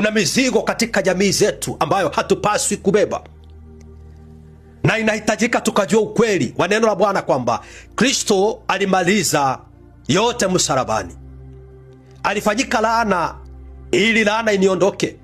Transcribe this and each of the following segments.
Kuna mizigo katika jamii zetu ambayo hatupaswi kubeba, na inahitajika tukajua ukweli wa neno la Bwana kwamba Kristo alimaliza yote msalabani. Alifanyika laana ili laana iniondoke,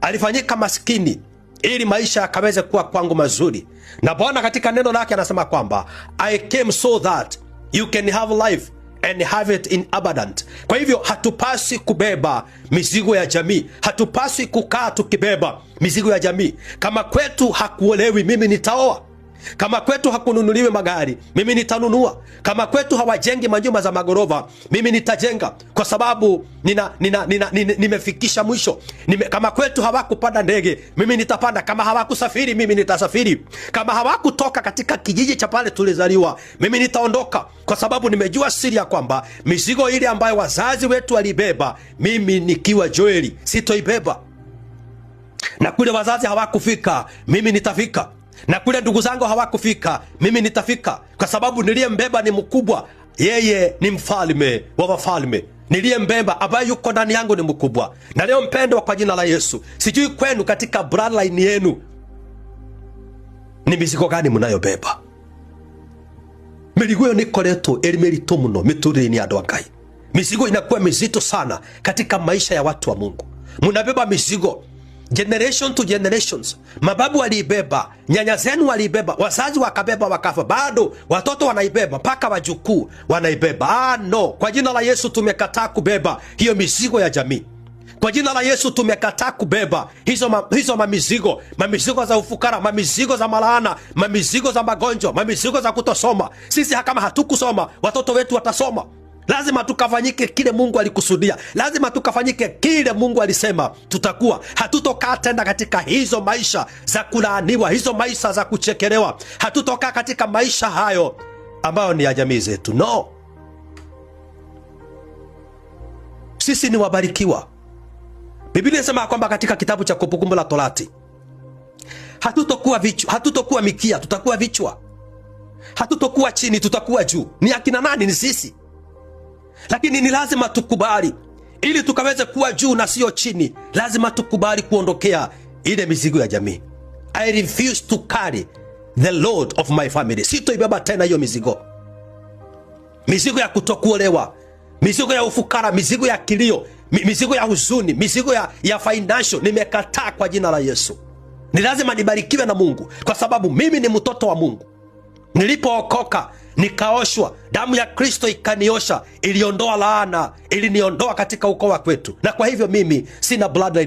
alifanyika maskini ili maisha yakaweze kuwa kwangu mazuri. Na Bwana katika neno lake anasema kwamba I came so that you can have life and have it in abundant. Kwa hivyo hatupasi kubeba mizigo ya jamii, hatupasi kukaa tukibeba mizigo ya jamii. Kama kwetu hakuolewi, mimi nitaoa kama kwetu hakununuliwi magari, mimi nitanunua. Kama kwetu hawajengi manyumba za magorova, mimi nitajenga, kwa sababu nina, nina, nina, nina, nimefikisha mwisho nime, kama kwetu hawakupanda ndege, mimi nitapanda. Kama hawakusafiri, mimi nitasafiri. Kama hawakutoka katika kijiji cha pale tulizaliwa, mimi nitaondoka, kwa sababu nimejua siri ya kwamba mizigo ile ambayo wazazi wetu walibeba, mimi nikiwa Joeli sitoibeba, na kule wazazi hawakufika, mimi nitafika na kule ndugu zangu hawakufika, mimi nitafika, kwa sababu niliyembeba ni mkubwa, yeye ni mfalme wa wafalme niliye niliyembeba ambaye yuko ndani yangu ni mkubwa. Na leo mpendwa, kwa jina la Yesu, sijui kwenu katika bloodline yenu ni mizigo gani mnayobeba. Mirigo iyo nikoretwo iri mirito muno miturire-ini ya andu a Ngai. Mizigo inakuwa mizito sana katika maisha ya watu wa Mungu, munabeba mizigo generation to generations. Mababu waliibeba, nyanya zenu waliibeba, wazazi wakabeba wakafa, bado watoto wanaibeba mpaka wajukuu wanaibeba. Ah, no, kwa jina la Yesu tumekataa kubeba hiyo mizigo ya jamii. Kwa jina la Yesu tumekataa kubeba hizo, ma, hizo mamizigo, mamizigo za ufukara, mamizigo za malaana, mamizigo za magonjwa, mamizigo za kutosoma. Sisi kama hatukusoma, watoto wetu watasoma Lazima tukafanyike kile Mungu alikusudia, lazima tukafanyike kile Mungu alisema tutakuwa. Hatutokaa tena katika hizo maisha za kulaaniwa, hizo maisha za kuchekelewa. Hatutokaa katika maisha hayo ambayo ni ya jamii zetu. No, sisi ni wabarikiwa. Biblia inasema kwamba katika kitabu cha Kumbukumbu la Torati, hatutokuwa vichwa, hatutokuwa mikia, tutakuwa vichwa. Hatutokuwa chini, tutakuwa juu. Ni akina nani? Ni sisi. Lakini ni lazima tukubali, ili tukaweze kuwa juu na sio chini, lazima tukubali kuondokea ile mizigo ya jamii. I refuse to carry the load of my family. Sitoibeba tena hiyo mizigo, mizigo ya kutokuolewa, mizigo ya ufukara, mizigo ya kilio, mizigo ya huzuni, mizigo ya, ya financial. Nimekataa kwa jina la Yesu. Ni lazima nibarikiwe na Mungu kwa sababu mimi ni mtoto wa Mungu. Nilipookoka nikaoshwa, damu ya Kristo ikaniosha, iliondoa laana, iliniondoa katika ukoo wa kwetu, na kwa hivyo mimi sina bloodline.